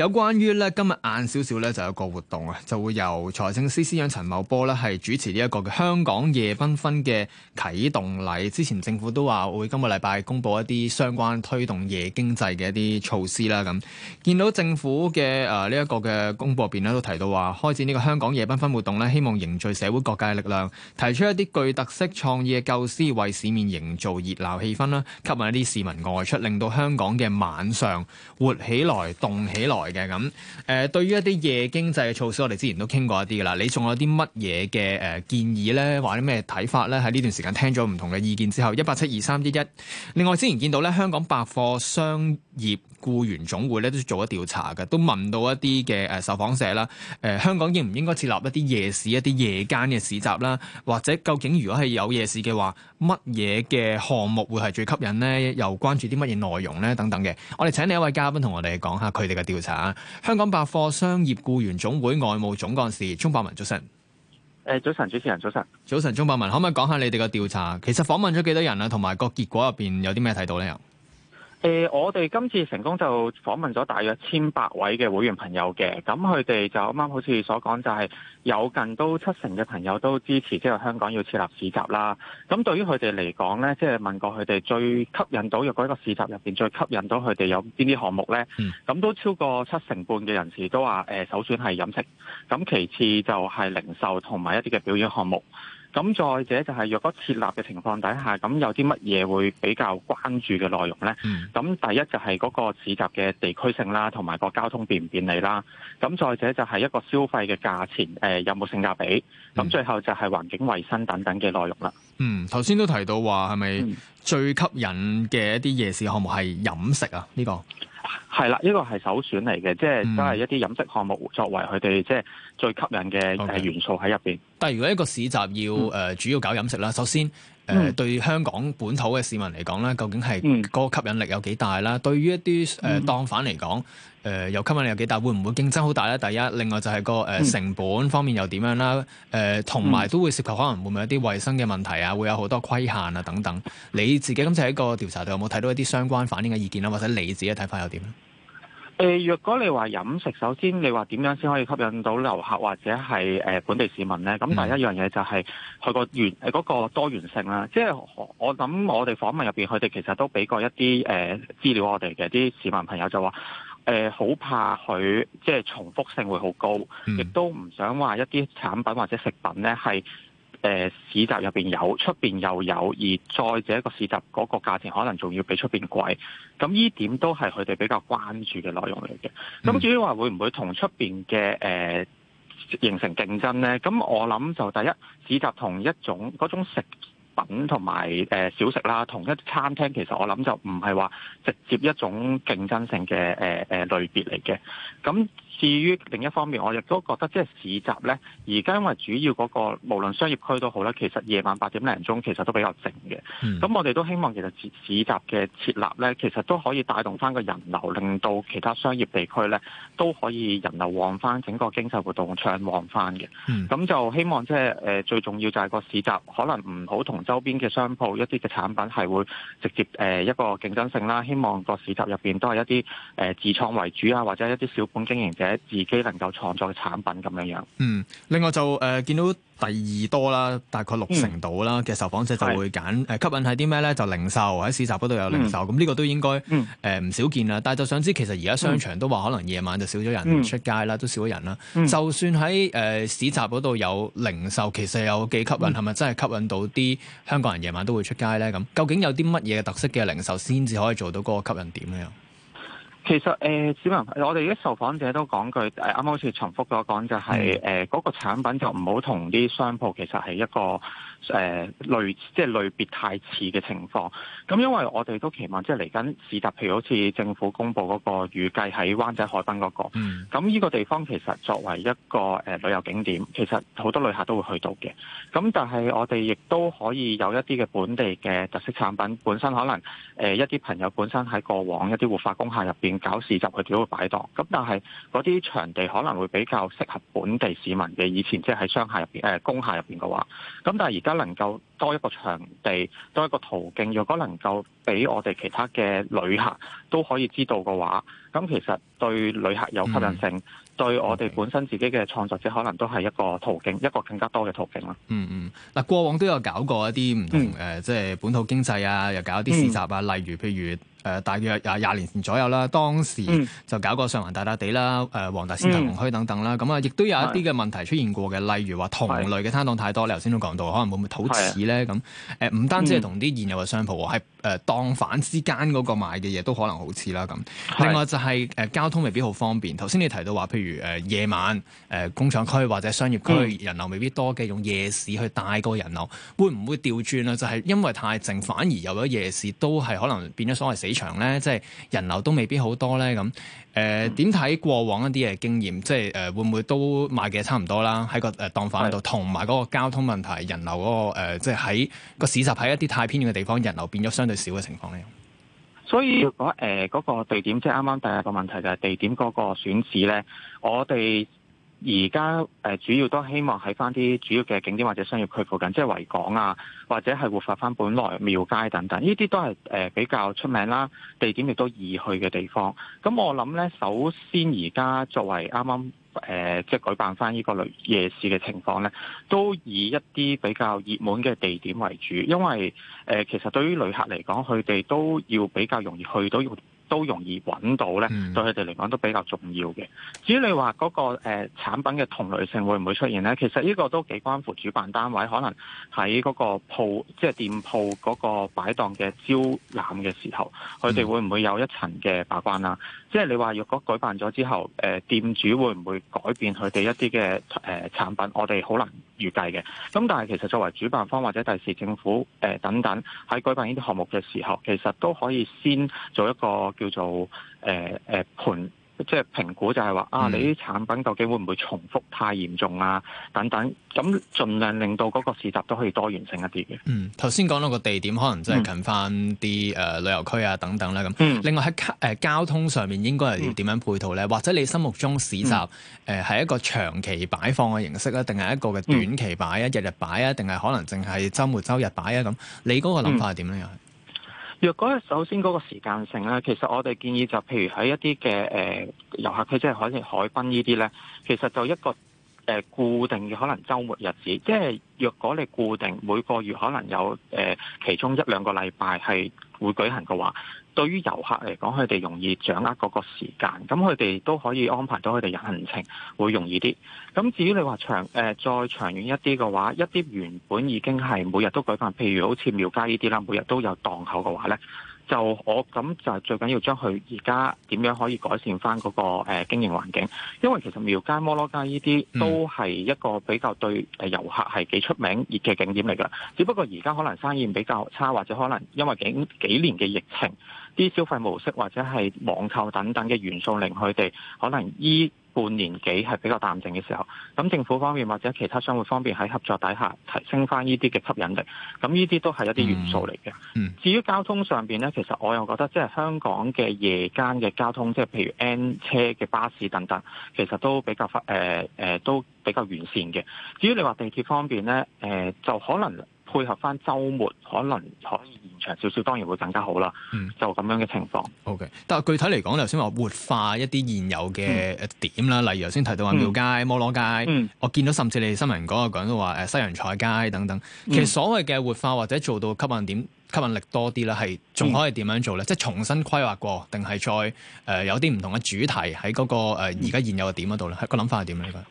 有關於咧今日晏少少咧，就有一個活動啊，就會由財政司司長陳茂波咧係主持呢一個嘅香港夜繽紛嘅啟動禮。之前政府都話會今個禮拜公布一啲相關推動夜經濟嘅一啲措施啦。咁見到政府嘅誒呢一個嘅公佈入邊咧，都提到話開展呢個香港夜繽紛活動咧，希望凝聚社會各界嘅力量，提出一啲具特色創意嘅構思，為市面營造熱鬧氣氛啦，吸引一啲市民外出，令到香港嘅晚上活起來、動起來。嘅咁，誒對於一啲夜經濟嘅措施，我哋之前都傾過一啲㗎喇。你仲有啲乜嘢嘅誒建議咧？話啲咩睇法咧？喺呢段時間聽咗唔同嘅意見之後，一八七二三一一。另外之前見到咧，香港百貨商業，僱員總會咧都做咗調查嘅，都問到一啲嘅，誒受訪者啦，誒、呃、香港應唔應該設立一啲夜市，一啲夜間嘅市集啦，或者究竟如果係有夜市嘅話，乜嘢嘅項目會係最吸引呢？又關注啲乜嘢內容呢？等等嘅，我哋請另一位嘉賓同我哋講下佢哋嘅調查。香港百貨商業僱員總會外務總幹事鍾博文，早晨。誒，早晨，主持人早晨，早晨。鍾博文，可唔可以講下你哋嘅調查？其實訪問咗幾多人啊？同埋個結果入邊有啲咩睇到呢？誒、呃，我哋今次成功就訪問咗大約千百位嘅會員朋友嘅，咁佢哋就啱啱好似所講，就係有近都七成嘅朋友都支持，即、就、係、是、香港要設立市集啦。咁對於佢哋嚟講呢，即、就、係、是、問過佢哋最吸引到若果一個市集入面，最吸引到佢哋有邊啲項目呢？咁、mm. 都超過七成半嘅人士都話、呃、首選係飲食，咁其次就係零售同埋一啲嘅表演項目。咁再者就係若果設立嘅情況底下，咁有啲乜嘢會比較關注嘅內容呢？咁、嗯、第一就係嗰個市集嘅地區性啦，同埋個交通便唔便利啦。咁再者就係一個消費嘅價錢，誒、呃、有冇性價比？咁、嗯、最後就係環境衞生等等嘅內容啦。嗯，頭先都提到話係咪最吸引嘅一啲夜市項目係飲食啊？呢、呢個係啦，呢個係首選嚟嘅，即係都係一啲飲食項目作為佢哋即係最吸引嘅元素喺入邊。嗯 okay。但係如果一個市集要誒、嗯呃、主要搞飲食啦，首先誒、呃嗯、對香港本土嘅市民嚟講咧，究竟係嗰個吸引力有幾大啦、嗯？對於一啲誒檔販嚟講。呃誒、呃、又吸引你有幾大，會唔會競爭好大咧？第一，另外就係個誒、呃嗯、成本方面又點樣啦？誒同埋都會涉及可能會唔會有啲衞生嘅問題啊，會有好多規限啊等等。你自己今次喺個調查度有冇睇到一啲相關反映嘅意見啦，或者你自己嘅睇法又點咧？誒、呃，若果你話飲食，首先你話點樣先可以吸引到遊客或者係誒本地市民咧？咁第一樣嘢就係佢、嗰個原嗰多元性啦。即係我諗我哋訪問入邊，佢哋其實都俾過一啲誒、呃、資料我哋嘅啲市民朋友就話。誒、呃、好怕佢即係重複性會好高，亦都唔想話一啲產品或者食品咧係誒市集入邊有，出邊又有，而再者一個市集嗰個價錢可能仲要比出邊貴，咁呢點都係佢哋比較關注嘅內容嚟嘅。咁至於話會唔會同出邊嘅誒形成競爭咧？咁我諗就第一市集同一種嗰種食。品同埋誒、小食啦，同一餐廳。其實我諗就唔係話直接一種競爭性嘅誒誒類別嚟嘅，咁。至於另一方面，我亦都覺得即係市集呢，而家因為主要嗰、那個無論商業區都好啦，其實夜晚八點零鐘其實都比較靜嘅。咁、mm. 我哋都希望其實市集嘅設立呢，其實都可以帶動翻個人流，令到其他商業地區呢都可以人流旺翻，整個經濟活動暢旺翻嘅。咁、mm. 就希望即、就、係、是呃、最重要就係個市集可能唔好同周邊嘅商鋪一啲嘅產品係會直接誒、呃、一個競爭性啦。希望個市集入邊都係一啲誒、呃、自創為主啊，或者一啲小本經營者。自己能夠創作嘅產品咁樣樣。嗯，另外就誒見、呃、到第二多啦，大概六成度啦嘅受訪者就會揀、嗯呃、吸引係啲咩咧？就零售喺市集嗰度有零售，咁、嗯、呢個都應該誒唔少見啦。但就想知，其實而家商場都話可能夜晚就少咗人、嗯、出街啦，都少咗人啦、嗯。就算喺、呃、市集嗰度有零售，其實有幾吸引係咪、嗯、真係吸引到啲香港人夜晚都會出街咧？咁究竟有啲乜嘢特色嘅零售先至可以做到嗰個吸引點咧？其實，誒、呃，市民，我哋而家受訪者都講句誒，啱啱好似重複咗講，就是，就係誒，嗰、呃那個產品就唔好同啲商鋪，其實係一個。誒類即係類別太似嘅情況，咁因為我哋都期望即係嚟緊市集，譬如好似政府公布嗰、嗰個預計喺灣仔海濱嗰、嗰個，咁、mm. 呢個地方其實作為一個誒旅遊景點，其實好多旅客都會去到嘅。咁但係我哋亦都可以有一啲嘅本地嘅特色產品，本身可能誒一啲朋友本身喺過往一啲活化工廈入邊搞市集，佢都會擺檔。咁但係嗰啲場地可能會比較適合本地市民嘅，以前即係喺商廈入邊誒工廈入邊嘅話，咁但係而家。如果能夠多一個場地，多一個途徑。如果能夠俾我哋其他嘅旅客都可以知道嘅話，咁其實對旅客有吸引性，嗯，對我哋本身自己嘅創作者，可能都係一個途徑，一個更加多嘅途徑啦。嗯嗯，嗱，過往都有搞過一啲唔同誒，即係、嗯、本土經濟啊，又搞一啲市集啊，例如譬如。誒大約廿廿年前左右啦，當時就搞過上環大笪地啦，誒黃大仙騰龍區等等啦，咁啊，亦都有一啲嘅問題出現過嘅，例如話同類嘅攤檔太多，你頭先都講到，可能會唔會好似咧咁？誒唔單止係同啲現有嘅商鋪，係誒檔販之間嗰個賣嘅嘢都可能好似啦咁。另外就係誒交通未必好方便。頭先你提到話，譬如誒、呃、夜晚誒、呃、工廠區或者商業區、嗯、人流未必多嘅，用夜市去帶個人流，會唔會調轉啊？就係、是、因為太靜，反而有咗夜市都係可能變咗所謂死市場咧，即係人流都未必好多咧，咁誒，點、呃、睇、嗯、過往一啲嘅經驗，即係誒、呃，會唔會都賣嘅差唔多啦？喺個誒檔販度，同埋嗰個交通問題、人流嗰、那個誒、呃，即係喺個市集喺一啲太偏遠嘅地方，人流變咗相對少嘅情況咧。所以如果誒，嗰、呃那個地點，即係啱啱第一個問題就係地點嗰個選址咧，我哋。而家誒主要都希望喺翻啲主要嘅景點或者商業區附近，即係維港啊，或者係活化翻本來廟街等等，呢啲都係誒比較出名啦，地點亦都易去嘅地方。咁我諗呢，首先而家作為啱啱誒即係舉辦翻呢個旅夜市嘅情況呢，都以一啲比較熱門嘅地點為主，因為誒、呃、其實對於旅客嚟講，佢哋都要比較容易去到。都容易揾到咧，對佢哋嚟講都比較重要嘅。至於你話嗰、那個誒、呃、產品嘅同類性會唔會出現咧？其實呢個都幾關乎主辦單位，可能喺嗰個鋪即係店鋪嗰個擺檔嘅招攬嘅時候，佢哋會唔會有一層嘅把關啦、嗯？即係你話若果舉辦咗之後，誒、呃、店主會唔會改變佢哋一啲嘅誒產品？我哋好難預計嘅。咁但係其實作為主辦方或者第時政府誒、呃、等等喺舉辦呢啲項目嘅時候，其實都可以先做一個。叫做誒誒、呃、盤，即係評估就是說，就係話啊，你啲產品究竟會唔會重複太嚴重啊？等等，咁盡量令到嗰個市集都可以多元性一啲嘅。嗯，頭先講到個地點，可能真係近翻啲誒旅遊區啊等等啦。咁，另外喺誒交通上面應該係要點樣配套咧、嗯？或者你心目中市集誒係一個長期擺放嘅形式咧、啊，定係一個嘅短期擺啊，日、嗯啊、日擺啊，定係可能淨係周末周日擺啊？咁、嗯，你嗰個諗法係點咧？又係？若果首先嗰個時間性咧，其實我哋建議就譬如喺一啲嘅誒遊客區，即係海海濱呢啲咧，其實就一個固定嘅可能週末日子。即係若果你固定每個月可能有誒其中一兩個禮拜係會舉行嘅話。對於遊客嚟講，佢哋容易掌握嗰個時間，咁佢哋都可以安排到佢哋行程，會容易啲。咁至於你話長誒、呃、再長遠一啲嘅話，一啲原本已經係每日都舉辦，譬如好似廟街呢啲啦，每日都有檔口嘅話呢。就我咁就係最緊要將佢而家點樣可以改善翻嗰、嗰個誒、呃、經營環境，因為其實廟街、摩羅街呢啲都係一個比較對誒遊客係幾出名熱嘅景點嚟㗎。只不過而家可能生意比較差，或者可能因為幾，幾年嘅疫情，啲消費模式或者係網購等等嘅元素令佢哋可能依。半年幾係比較淡靜嘅時候，咁政府方面或者其他商會方面喺合作底下提升翻呢啲嘅吸引力，咁呢啲都係一啲元素嚟嘅。至於交通上邊呢，其實我又覺得即係香港嘅夜間嘅交通，即係譬如 N 車嘅巴士等等，其實都比較忽誒、呃呃、都比較完善嘅。至於你話地鐵方面呢，誒、呃、就可能。配合翻周末，可能可以延長少少，當然會更加好啦。嗯，就咁樣嘅情況。OK、okay，但係具體嚟講，頭先話活化一啲現有嘅點啦、嗯，例如頭先提到話廟街、嗯、摩羅街、嗯，我見到甚至你哋新聞講又講到話誒西洋菜街等等、嗯。其實所謂嘅活化或者做到吸引點、吸引力多啲咧，係仲可以點樣做咧、嗯？即係重新規劃過，定係再誒、呃、有啲唔同嘅主題喺嗰、嗰個而家、呃、現、現有嘅點嗰度咧？個諗法係點咧？呢個？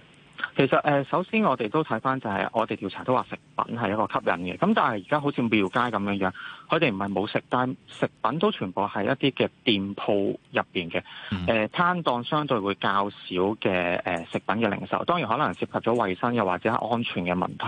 其實誒、呃，首先我哋都睇返就係我哋調查都話食品係一個吸引嘅，咁但係而家好似廟街咁樣樣。佢哋唔係冇食但食品都全部係一啲嘅店鋪入邊嘅。誒、mm -hmm. 呃、攤檔相對會較少嘅、呃、食品嘅零售。當然可能涉及咗衛生又或者係安全嘅問題。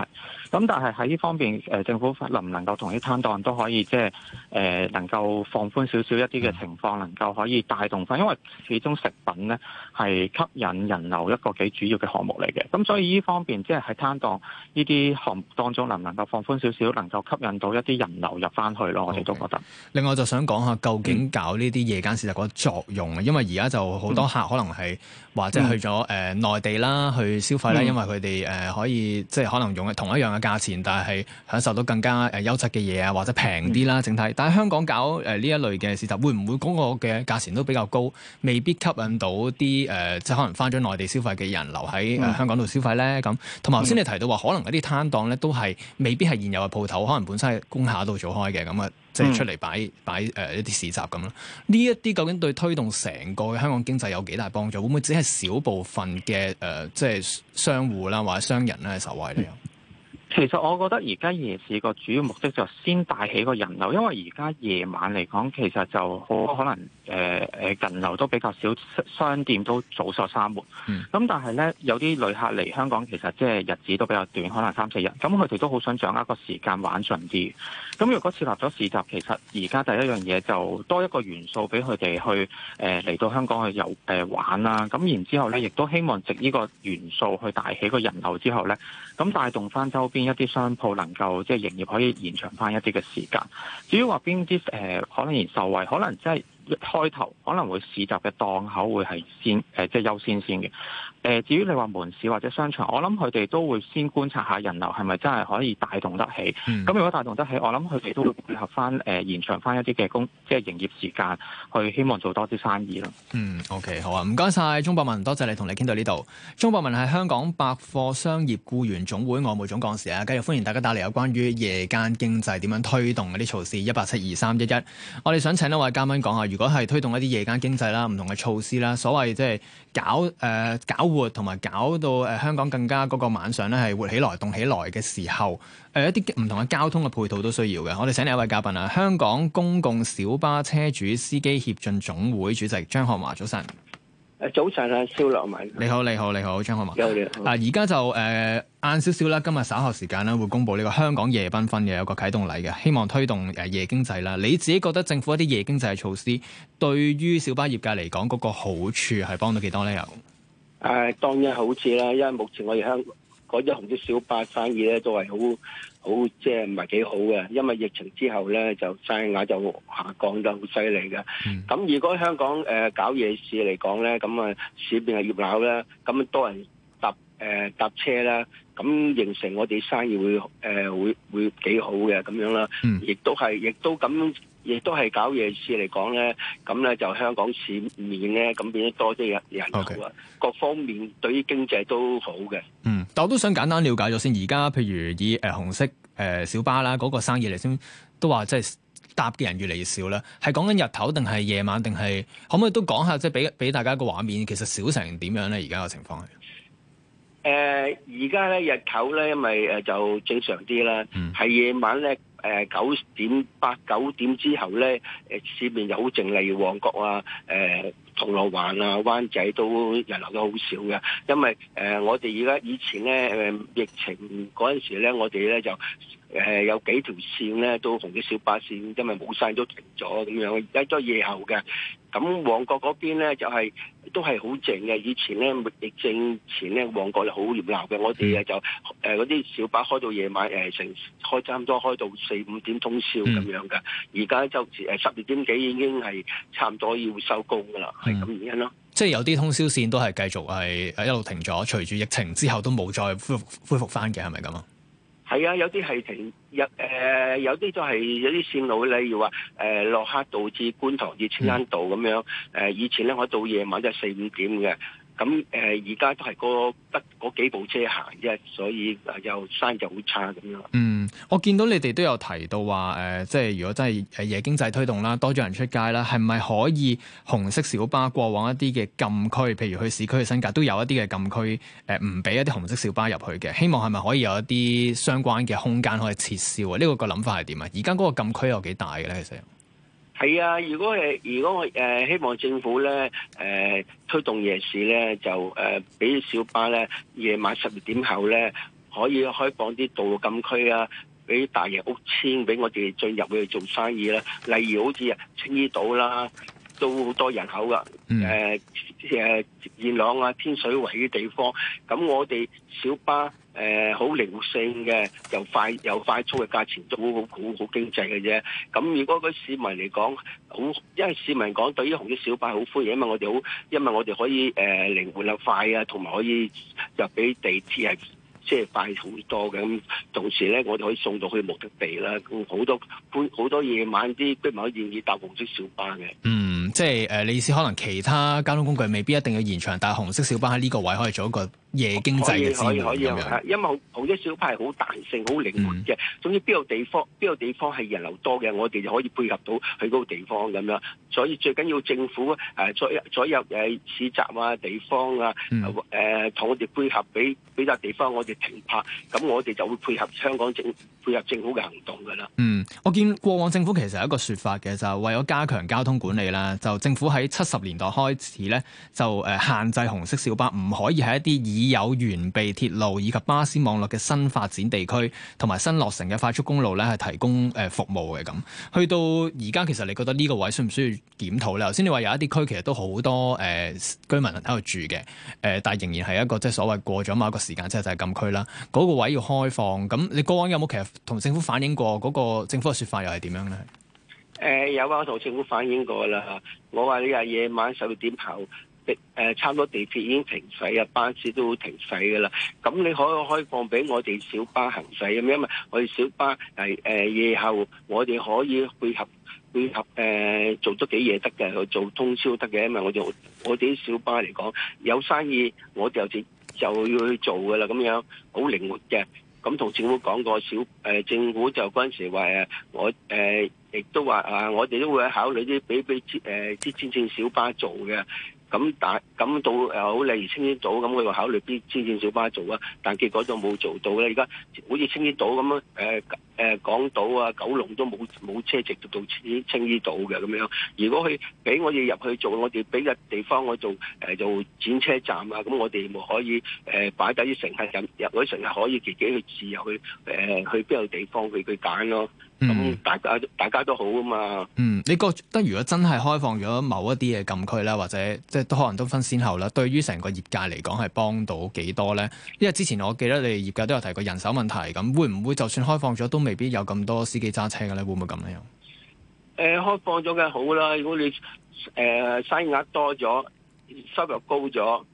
咁但係喺呢方面、呃，政府能唔能夠同啲攤檔都可以即係誒能夠放寬少少一啲嘅情況，mm -hmm. 能夠可以帶動翻，因為始終食品呢係吸引人流一個幾主要嘅項目嚟嘅。咁所以呢方面，即係喺攤檔呢啲項目當中，能唔能夠放寬少少，能夠吸引到一啲人流入翻去？我亦都覺得。Okay. 另外就想講下，究竟搞呢啲夜間市集個作用啊、嗯？因為而家就好多客可能係、嗯、或者去咗誒內地啦，去消費咧、嗯，因為佢哋誒可以即係、呃、可能用同一樣嘅價錢，但係享受到更加誒優質嘅嘢啊，或者平啲啦。整、嗯、體，但係香港搞誒呢、呃、一類嘅市集，會唔會嗰個嘅價錢都比較高，未必吸引到啲誒、呃、即係可能返咗內地消費嘅人留喺、嗯呃、香港度消費咧？咁同埋頭先你提到話，可能嗰啲攤檔咧都係未必係現有嘅鋪頭，可能本身係工廈度做開嘅咁嗯、即係出嚟擺擺誒一啲市集咁啦，呢一啲究竟對推動成個香港經濟有幾大幫助？會唔會只係小部分嘅誒、呃、即係商戶啦或者商人咧受惠咧？其實我覺得而家夜市個主要目的就係先帶起個人流，因為而家夜晚嚟講其實就好可能。誒誒，人流都比較少，商店都早鎖三門。咁、嗯、但係咧，有啲旅客嚟香港其實即係日子都比較短，可能三四日。咁佢哋都好想掌握個時間玩盡啲。咁若果設立咗市集，其實而家第一樣嘢就多一個元素俾佢哋去誒嚟、呃、到香港去遊誒玩啦。咁然之後咧，亦都希望藉呢個元素去大起個人流之後咧，咁帶動翻周邊一啲商鋪能夠即係、就是、營業可以延長翻一啲嘅時間。至於話邊啲誒可能受惠，可能即係。開頭可能會市集嘅檔口會係先，誒、呃、即係優先先嘅。誒、呃、至於你話門市或者商場，我諗佢哋都會先觀察一下人流係咪真係可以帶動得起。咁、嗯、如果帶動得起，我諗佢哋都會配合翻，誒、呃、延長翻一啲嘅工，即係營業時間，去希望做多啲生意咯。嗯，OK，好啊，唔該晒。鍾博文，多謝你同你傾到呢度。鍾博文係香港百貨商業僱員總會外務總幹事啊，繼續歡迎大家打嚟有關於夜間經濟點樣推動嗰啲措施，一八七二三一一。我哋想請位一位嘉賓講下，如如果係推動一啲夜間經濟啦、唔同嘅措施啦，所謂即係搞誒、呃、搞活，同埋搞到誒香港更加嗰個晚上咧係活起來、動起來嘅時候，誒、呃、一啲唔同嘅交通嘅配套都需要嘅。我哋請嚟一位嘉賓啊，香港公共小巴車主司機協進總會主席張漢華，早晨。早晨啊，鍾博文。你好，你好，你好，張漢華。你好你好。啊，而家就誒晏少少啦，今日稍後時間啦，會公布呢個香港夜繽紛嘅有一個啟動禮嘅，希望推動誒、呃、夜經濟啦。你自己覺得政府一啲夜經濟嘅措施，對於小巴業界嚟講嗰個好處係幫到幾多咧？又、啊、誒當然好處啦，因為目前我哋香港。嗰啲紅色小巴生意咧都係、就是、好好，即係唔係幾好嘅，因為疫情之後咧就生意額就下降得好犀利嘅。咁、嗯、如果香港誒、呃、搞夜市嚟講咧，咁啊市面係熱鬧啦，咁多人搭誒、呃、搭車啦，咁形成我哋生意會誒、呃、會會幾好嘅咁樣啦，亦、嗯、都係亦都咁。亦都係搞夜市嚟講咧，咁咧就香港市面咧，咁變得多啲人人、Okay. 各方面對於經濟都好嘅。嗯，但我都想簡單了解咗先。而家譬如以誒、呃、紅色誒、呃、小巴啦嗰、那個生意嚟先，都話即係搭嘅人越嚟越少啦。係講緊日頭定係夜晚定係？可唔可以都講下即係俾俾大家個畫面？其實少成點樣咧？而家個情況係誒，而家咧日頭咧，咪誒、呃、就正常啲啦。係、嗯、夜晚咧。誒、呃、九點八九點之後咧，誒、呃、市面就好靜，例如旺角啊、誒、呃、銅鑼灣啊、灣仔都人流都好少嘅，因為誒、呃、我哋而家以前咧誒、呃、疫情嗰陣時咧，我哋咧就誒、呃、有幾條線咧都紅啲小巴線，因為冇晒都停咗咁樣，而家都夜後嘅，咁旺角嗰邊咧就係、是。都係好靜嘅，以前咧疫症前咧，旺角就好熱鬧嘅。我哋啊就誒嗰啲小巴開到夜晚誒成、呃、開差唔多開到四五點通宵咁、嗯、樣嘅，而家就誒十二點幾已經係差唔多要收工噶啦，係咁原因咯。即係有啲通宵線都係繼續係一路停咗，隨住疫情之後都冇再恢復恢復翻嘅，係咪咁啊？係啊，有啲係停，有誒、呃，有啲都係有啲線路，例如話誒，駱、呃、克道至觀塘至青山道咁樣。誒、呃，以前咧我到夜晚就係四五點嘅。咁而家都係嗰得嗰幾部車行啫，所以又生意就好差咁樣嗯，我見到你哋都有提到話、呃、即係如果真係夜經濟推動啦，多咗人出街啦，係咪可以紅色小巴過往一啲嘅禁區，譬如去市區嘅新界都有一啲嘅禁區，呃、唔俾一啲紅色小巴入去嘅？希望係咪可以有一啲相關嘅空間可以撤銷啊？呢個個諗法係點啊？而家嗰個禁區有幾大嘅咧？其實？係啊，如果係，如果我誒、呃、希望政府咧誒、呃、推動夜市咧，就誒俾、呃、小巴咧夜晚十二點後咧可以開放啲道路禁區啊，俾大型屋邨俾我哋進入去做生意啦，例如好似啊青衣島啦。都好多人口噶，誒、嗯、誒，元、呃、朗、呃、啊、天水圍啲地方，咁我哋小巴誒好靈活性嘅，又快又快速嘅價錢都好好好經濟嘅啫。咁如果個市民嚟講，好，因為市民講對於紅色小巴好歡迎啊嘛，我哋好，因為我哋可以誒、呃、靈活又快啊，同埋可以入畀地鐵係。即係快好多嘅，咁同時咧，我哋可以送到去目的地啦。咁好多，好多夜晚啲都唔願意搭紅色小巴嘅。嗯，即係誒、呃，你意思可能其他交通工具未必一定要延長，但係紅色小巴喺呢個位可以做一個夜經濟嘅資源，因為好好多小巴係好彈性、好靈活嘅，嗯。總之邊個地方、邊個地方係人流多嘅，我哋就可以配合到去嗰個地方咁樣。所以最緊要政府誒左左入誒市集啊、地方啊誒同我哋配合，俾俾笪地方我哋停泊，咁我哋就會配合香港政配合政府嘅行動㗎啦。嗯，我見過往政府其實有一個説法嘅，就係為咗加強交通管理啦。就政府喺七十年代開始咧，就誒限制紅色小巴唔可以喺一啲二。已有原備鐵路以及巴士網絡嘅新發展地區，同埋新落成嘅快速公路咧，係提供誒服務嘅咁。去到而家，其實你覺得呢個位需唔需要檢討咧？頭先你話有一啲區其實都好多誒、呃、居民喺度住嘅，誒、呃，但係仍然係一個即係所謂過咗某一個時間即係就係、是、禁區啦。嗰、個位要開放，咁你過往有冇其實同政府反映過嗰個政府嘅說法又係點樣咧？誒、呃，有啊，我同政府反映過啦。我話呢日夜晚十點後。誒差唔多地鐵已經停駛，啊，巴士都停駛㗎啦。咁你可以開放俾我哋小巴行駛咁，因為我哋小巴係誒夜後，我哋可以配合配合誒做多幾嘢得嘅，去做通宵得嘅。因為我哋我哋啲小巴嚟講有生意，我哋就就要去做㗎啦。咁樣好靈活嘅。咁同政府講過，小政府就嗰陣時話我誒亦都話啊，我哋、呃、都會考慮啲俾俾誒啲專線小巴做嘅。咁但咁到好例如青衣島咁，佢話考慮啲專線小巴做啊，但結果就冇做到咧。而家好似青衣島咁樣、呃呃、港島啊、九龍都冇冇車直接到青青衣島嘅咁樣。如果佢俾我哋入去做，我哋俾個地方我做誒、呃、做轉車站啊，咁我哋咪可以誒擺低啲乘客入，入去乘客可以自己去自由去誒、呃、去邊度地方去佢揀咯。咁、嗯、大家大家都好啊嘛。嗯，你覺得如果真係開放咗某一啲嘅禁區啦，或者即係都可能都分先後啦。對於成個業界嚟講，係幫到幾多咧？因為之前我記得你哋業界都有提過人手問題，咁會唔會就算開放咗，都未必有咁多司機揸車嘅咧？會唔會咁樣？又、呃、誒，開放咗嘅好啦。如果你誒、呃、生意額多咗，收入高咗，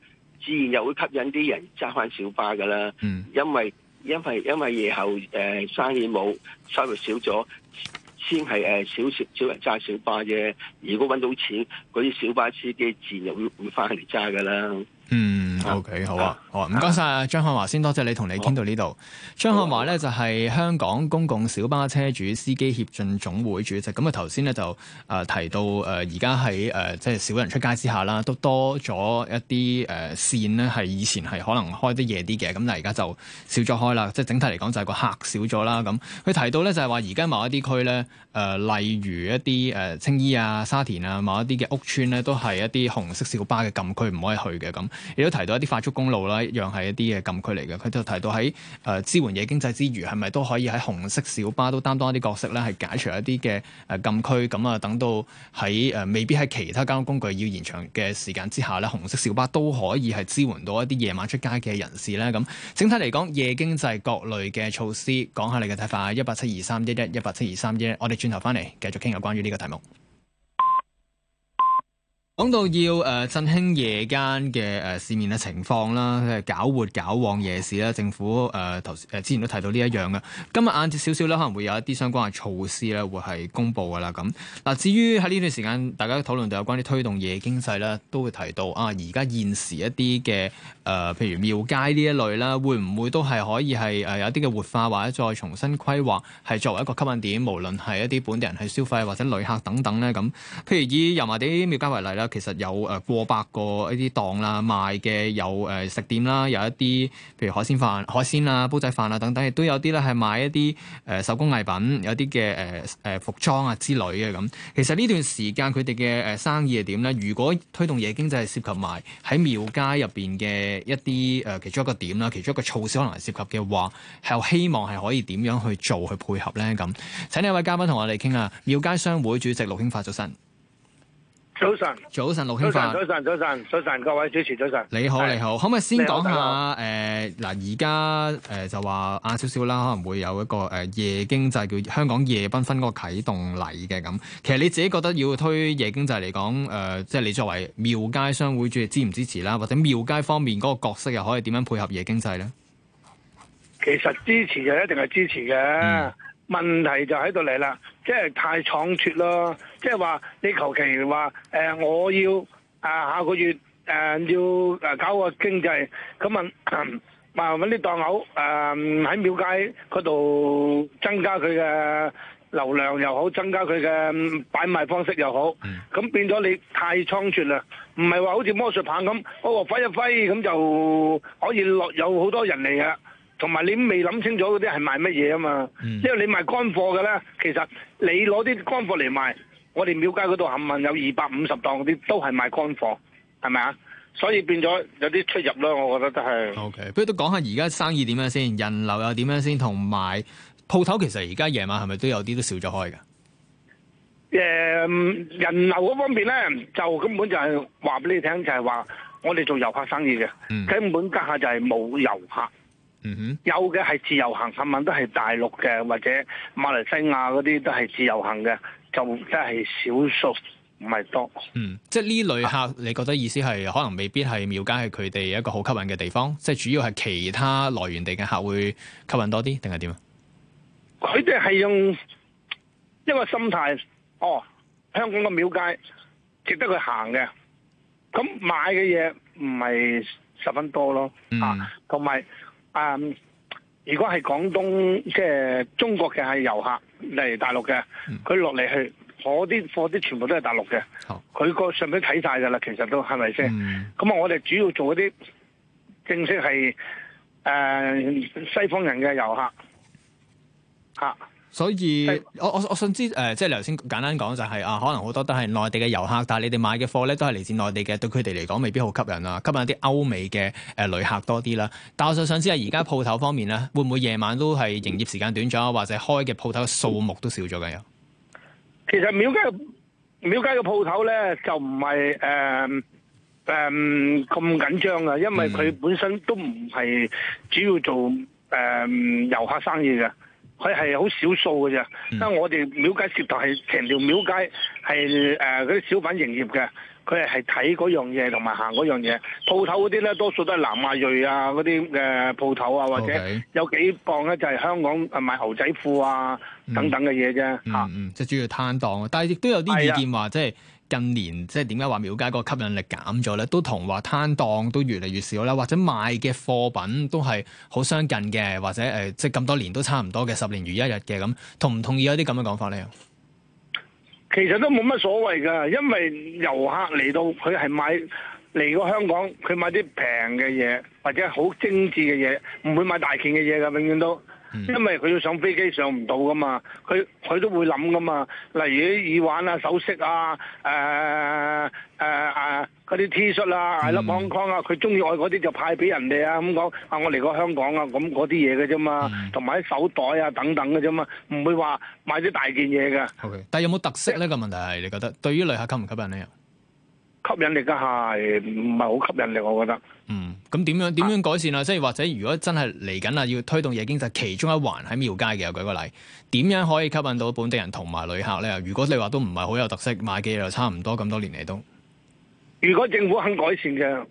自然又會吸引啲人揸翻小巴㗎啦。嗯，因為。因為因為夜後誒、呃、生意冇收入少咗，先係誒少少人揸小巴啫。如果搵到錢，嗰啲小巴司機自然會會翻嚟揸噶啦。嗯。O、okay, K，好啊，啊，啊，好啊，唔該晒啊。張漢華先，多謝你同你傾到呢度。張漢華咧就係，是，香港公共小巴車主司機協進總會主席。咁啊，頭先咧就誒提到誒而家喺誒即係少人出街之下啦，都多咗一啲誒、呃、線咧，係以前係可能開得夜啲嘅，咁但係而家就少咗開啦。即係整體嚟講就係個客少咗啦。咁佢提到咧就係話，而家某一啲區咧，誒、呃、例如一啲誒青衣啊、沙田啊，某一啲嘅屋村咧，都係一啲紅色小巴嘅禁區，唔可以去嘅。咁亦都提。有一啲快速公路啦，一樣係一啲嘅禁區嚟嘅。佢就提到喺誒支援夜經濟之餘，係咪都可以喺紅色小巴都擔當一啲角色咧，係解除一啲嘅誒禁區。咁啊，等到喺誒未必喺其他交通工具要延長嘅時間之下咧，紅色小巴都可以係支援到一啲夜晚出街嘅人士咧。咁整體嚟講，夜經濟各類嘅措施，講下你嘅睇法。一八七二三一一，一八七二三一一，我哋轉頭翻嚟繼續傾下關於呢個題目。講到要誒振興夜間嘅誒市面嘅情況啦，搞活搞旺夜市啦，政府誒頭誒之前都提到呢一樣嘅，今日晏晝少少咧，可能會有一啲相關嘅措施咧，會係公布噶啦咁。嗱，至於喺呢段時間，大家討論到有關啲推動夜經濟咧，都會提到啊，而家現時一啲嘅。誒、呃，譬如廟街呢一類啦，會唔會都係可以係誒、呃、有一啲嘅活化，或者再重新規劃，係作為一個吸引點，無論係一啲本地人去消費，或者旅客等等咧咁。譬如以油麻地廟街為例啦，其實有誒、呃、過百個一啲檔啦，賣嘅有誒、呃、食店啦，有一啲譬如海鮮飯、海鮮啊、煲仔飯啊等等，亦都有啲咧係賣一啲誒、呃、手工藝品，有啲嘅誒誒服裝啊之類嘅咁。其實呢段時間佢哋嘅誒生意係點咧？如果推動夜經濟，係涉及埋喺廟街入邊嘅。一啲誒，其中一個點啦，其中一個措施可能係涉及嘅話，係希望係可以點樣去做去配合咧？咁請呢位嘉賓同我哋傾下。廟街商會主席陸興發早晨。早晨，早晨，陸興發，早，早晨，早晨，早晨，各位主持，早晨。你好，你好，可唔可以先講下誒？嗱，而家誒就話晏少少啦，可能會有一個誒、呃、夜經濟叫香港夜繽紛嗰個啟動禮嘅咁。其實你自己覺得要推夜經濟嚟講，誒、呃，即、就、係、是、你作為廟街商會，主席支唔支持啦？或者廟街方面嗰個角色又可以點樣配合夜經濟咧？其實支持就一定係支持嘅、嗯。問題就喺度嚟啦，即係太倉促咯。即係話你求其話誒，我要啊下個月誒、呃、要誒搞個經濟，咁問啊搵啲檔口誒喺廟街嗰度增加佢嘅流量又好，增加佢嘅擺賣方式又好，咁、mm. 變咗你太倉促啦。唔係話好似魔術棒咁，我、哦、揮一揮咁就可以落有好多人嚟㗎。同埋你未諗清楚嗰啲係賣乜嘢啊嘛，mm. 因為你賣乾貨嘅啦，其實你攞啲乾貨嚟賣。我哋廟街嗰度冚唪唥有二百五十檔嗰啲都係賣乾貨，係咪啊？所以變咗有啲出入咯，我覺得都係。OK，不如都講下而家生意點樣先，人流又點樣先，同埋鋪頭其實而家夜晚係咪都有啲都少咗開㗎？誒、嗯，人流嗰方面咧，就根本就係話俾你聽，就係話我哋做遊客生意嘅，根、嗯、本家下就係冇遊客。嗯哼，有嘅係自由行冚唪唥都係大陸嘅，或者馬來西亞嗰啲都係自由行嘅。就真係少數唔係多，嗯，即係呢類客，你覺得意思係、啊，可能未必係廟街係佢哋一個好吸引嘅地方，即係主要係其他來源地嘅客會吸引多啲，定係點啊？佢哋係用一個心態，哦，香港嘅廟街值得佢行嘅，咁買嘅嘢唔係十分多咯，嗯、啊，同埋啊。嗯如果係廣東即係中國嘅係遊客嚟大陸嘅，佢落嚟去攞啲貨，啲全部都係大陸嘅，佢個上面睇晒㗎啦。其實都係咪先？咁啊，嗯、那我哋主要做一啲正式係誒、呃、西方人嘅遊客，嚇、啊。所以我我我想知，誒即係頭先簡單講就係、是、啊，可能好多都係內地嘅遊客，但係你哋買嘅貨咧都係嚟自內地嘅，對佢哋嚟講未必好吸引啊，吸引啲歐美嘅誒旅客多啲啦。但我就想知係而家鋪頭方面咧，會唔會夜晚都係營業時間短咗，或者開嘅鋪頭數目都少咗咁樣？其實廟街廟街嘅鋪頭咧就唔係誒誒咁緊張啊，因為佢本身都唔係主要做誒遊客生意嘅。嗯 loaded. 佢係好少數嘅啫，因為我哋廟街街道係成條廟街係誒啲小販營業嘅，佢係係睇嗰樣嘢同埋行嗰樣嘢，鋪頭嗰啲咧多數都係南亞裔啊嗰啲嘅鋪頭啊，或者有幾檔咧就係、是、香港誒賣牛仔褲啊、嗯、等等嘅嘢啫。嗯嗯，即係主要攤檔，但係亦都有啲意見話即係。近年即係點解話廟街個吸引力減咗咧？都同話攤檔都越嚟越少啦，或者賣嘅貨品都係好相近嘅，或者誒、呃、即係咁多年都差唔多嘅十年如一日嘅咁，同唔同意有啲咁嘅講法咧？其實都冇乜所謂噶，因為遊客嚟到佢係買嚟過香港，佢買啲平嘅嘢或者好精緻嘅嘢，唔會買大件嘅嘢噶，永遠都。嗯、因為佢要上飛機上唔到噶嘛，佢佢都會諗噶嘛。例如啲耳環啊、首飾啊、誒誒誒嗰啲 T 恤啊、係、嗯、咯，網購啊，佢中意愛嗰啲就派俾人哋啊，咁講啊，我嚟過香港啊，咁嗰啲嘢嘅啫嘛，同埋啲手袋啊等等嘅啫嘛，唔會話買啲大件嘢噶。Okay, 但係有冇特色呢？個問題係，你覺得對於旅客吸唔吸引呢？吸引力嘅，係唔係好吸引力，我覺得。嗯，咁點樣點樣改善啊？即係或者如果真係嚟緊啊，要推動夜經濟，就是、其中一環喺廟街嘅，舉個例，點樣可以吸引到本地人同埋旅客咧？如果你話都唔係好有特色，賣嘅又差唔多，咁多年嚟都。如果政府肯改善嘅，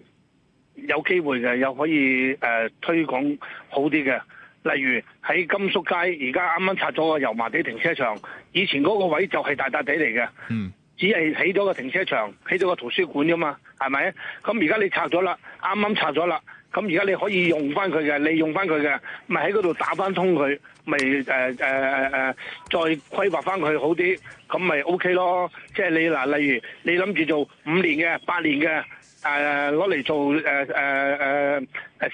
有機會嘅，又可以誒、呃、推廣好啲嘅。例如喺甘肅街，而家啱啱拆咗個油麻地停車場，以前嗰個位就係大笪地嚟嘅。嗯。只係起咗個停車場，起咗個圖書館啫嘛，係咪？咁而家你拆咗啦，啱啱拆咗啦，咁而家你可以用翻佢嘅，利用翻佢嘅，咪喺嗰度打翻通佢，咪誒誒誒誒再規劃翻佢好啲，咁咪 O K 咯。即係你嗱，例如你諗住做五年嘅、八年嘅，誒攞嚟做誒誒誒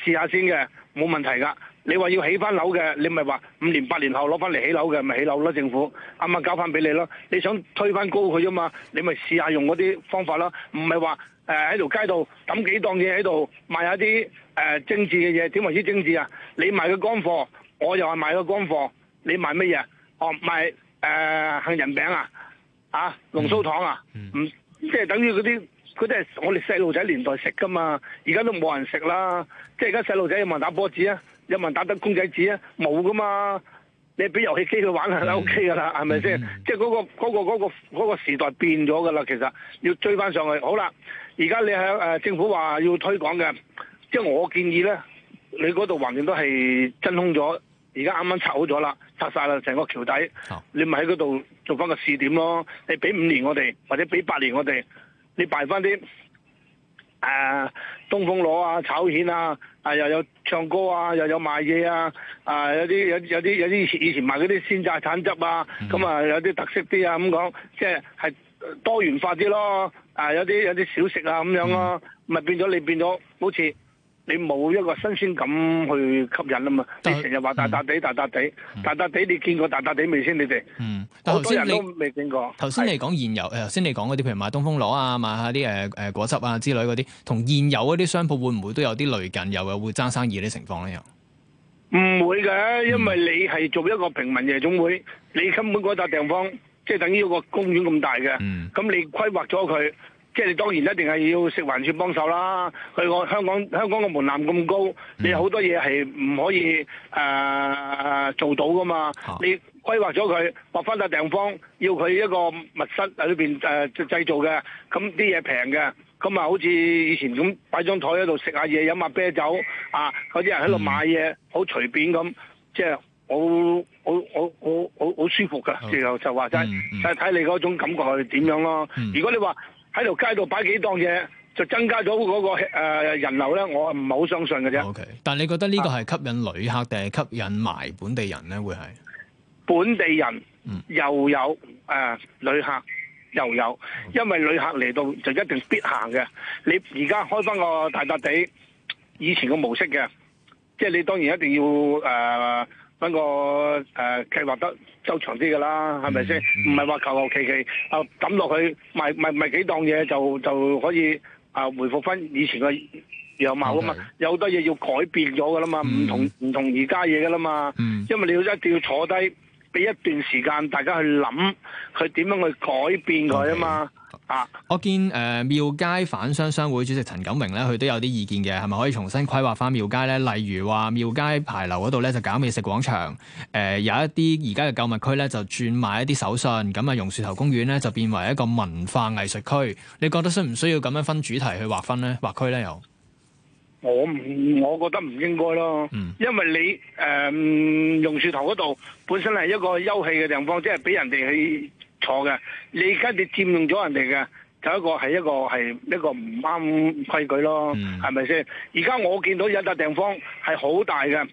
試下先嘅，冇問題噶。你話要起翻樓嘅，你咪話五年八年後攞翻嚟起樓嘅，咪起樓咯政府，啱啱交翻俾你咯？你想推翻高佢啫嘛？你咪試下用嗰啲方法咯，唔係話誒喺條街度抌幾檔嘢喺度賣下啲誒政治嘅嘢，點為之精治啊？你賣個乾貨，我又係賣個乾貨，你賣乜嘢？哦，賣誒、呃、杏仁餅啊，啊濃酥糖啊，唔、mm -hmm. 即係等於嗰啲，嗰啲係我哋細路仔年代食噶嘛，而家都冇人食啦，即係而家細路仔有冇人打波子啊？有冇打得公仔紙啊？冇噶嘛！你俾遊戲機去玩係 OK 噶的啦了，係咪先？ 即係、那、嗰個嗰、那個嗰、那個那個、時代變咗噶啦，其實要追翻上去。好啦，而家你喺誒、呃、政府話要推廣嘅，即係我建議咧，你嗰度橫掂都係真空咗，而家啱啱拆好咗啦，拆晒啦，成個橋底，你咪喺嗰度做翻個試點咯。你俾五年我哋，或者俾八年我哋，你擺翻啲。誒、啊，東風螺啊，炒蜆啊，啊，啊又有唱歌啊，又有賣嘢啊，啊有啲有有啲有啲以前以前賣嗰啲鮮榨橙汁啊，咁、mm、啊 -hmm. 有啲特色啲啊咁講，即係係多元化啲咯，啊有啲有啲小食啊咁樣咯、啊，咪、mm -hmm. 變咗你變咗好似。你冇一個新鮮感去吸引啊嘛！即係成日話大笪地、大笪地、大笪地，你見過大笪地未先？你哋、嗯、但好多人都未見過。頭先你講現有，頭先、呃、頭先你講嗰啲，譬如買東風螺啊，買啲誒誒果汁啊之類嗰啲，同現有嗰啲商鋪會唔會都有啲類近，又有會爭生意啲情況咧？又唔會嘅，因為你係做一個平民夜總會，你根本嗰笪地方即係、就是、等於個公園咁大嘅，咁、嗯、你規劃咗佢。即係你當然一定係要食環署幫手啦。佢個香港香港個門檻咁高，嗯、你好多嘢係唔可以誒、呃、做到噶嘛、啊。你規劃咗佢劃翻笪地方，要佢一個密室喺裏面製、呃、製造嘅，咁啲嘢平嘅，咁啊好似以前咁擺張台喺度食下嘢，飲下啤酒啊，嗰啲人喺度買嘢、嗯，好隨便咁，即係好好好好好好舒服噶。就就話、是、齋，睇、嗯嗯就是、你嗰種感覺係點樣咯、嗯。如果你話，喺條街度擺幾檔嘢，就增加咗嗰、嗰個誒、呃、人流咧，我唔係好相信嘅啫。Okay. 但你覺得呢個係吸引旅客定係、啊、吸引埋本地人咧？會係本地人，又有誒、嗯呃、旅客又有，因為旅客嚟到就一定必行嘅。你而家開翻個大笪地以前個模式嘅，即係你當然一定要誒。呃揾個誒計劃得周長啲㗎啦，係咪先？唔係話求求其其啊抌落去賣賣賣幾檔嘢，就就可以啊回復翻以前嘅樣貌啊嘛！Mm -hmm. 有好多嘢要改變咗㗎啦嘛，唔同唔同而家嘢㗎啦嘛，mm -hmm. 因為你要一定要坐低俾一段時間大家去諗佢點樣去改變佢啊嘛。Mm -hmm. 啊！我見誒廟街、呃、反商商會主席陳錦榮咧，佢都有啲意見嘅，係咪可以重新規劃翻廟街咧？例如話廟街牌樓嗰度咧就搞美食廣場，誒、呃、有一啲而家嘅購物區咧就轉賣一啲手信，咁啊榕樹頭公園咧就變為一個文化藝術區。你覺得需唔需要咁樣分主題去劃分咧？劃區咧又？我唔，我覺得唔應該咯、嗯。因為你誒榕樹頭嗰度本身係一個休憩嘅地方，即係俾人哋去。錯嘅，你而家你佔用咗人哋嘅，就一個係一個係一個唔啱規矩咯，係咪先？而家我見到有笪地方係好大嘅，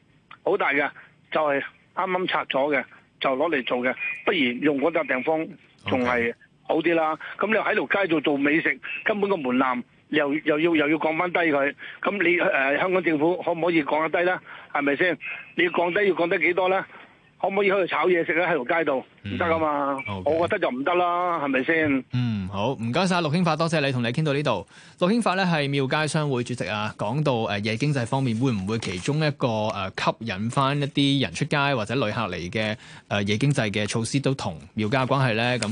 好大嘅，就係啱啱拆咗嘅，就攞嚟做嘅，不如用嗰笪地方仲係好啲啦。咁、okay. 你喺條街度做美食，根本個門檻又又要又要降翻低佢，咁你誒、呃、香港政府可唔可以降得低咧？係咪先？你降低要降低幾多咧？可唔可以去度炒嘢食咧？喺條街度唔得啊嘛！Okay. 我覺得就唔得啦，係咪先？嗯，好，唔該晒。陸興發，多謝你同你傾到呢度。陸興發咧係廟街商會主席啊，講到誒夜經濟方面，會唔會其中一個誒吸引翻一啲人出街或者旅客嚟嘅誒夜經濟嘅措施都同廟街關係咧？咁。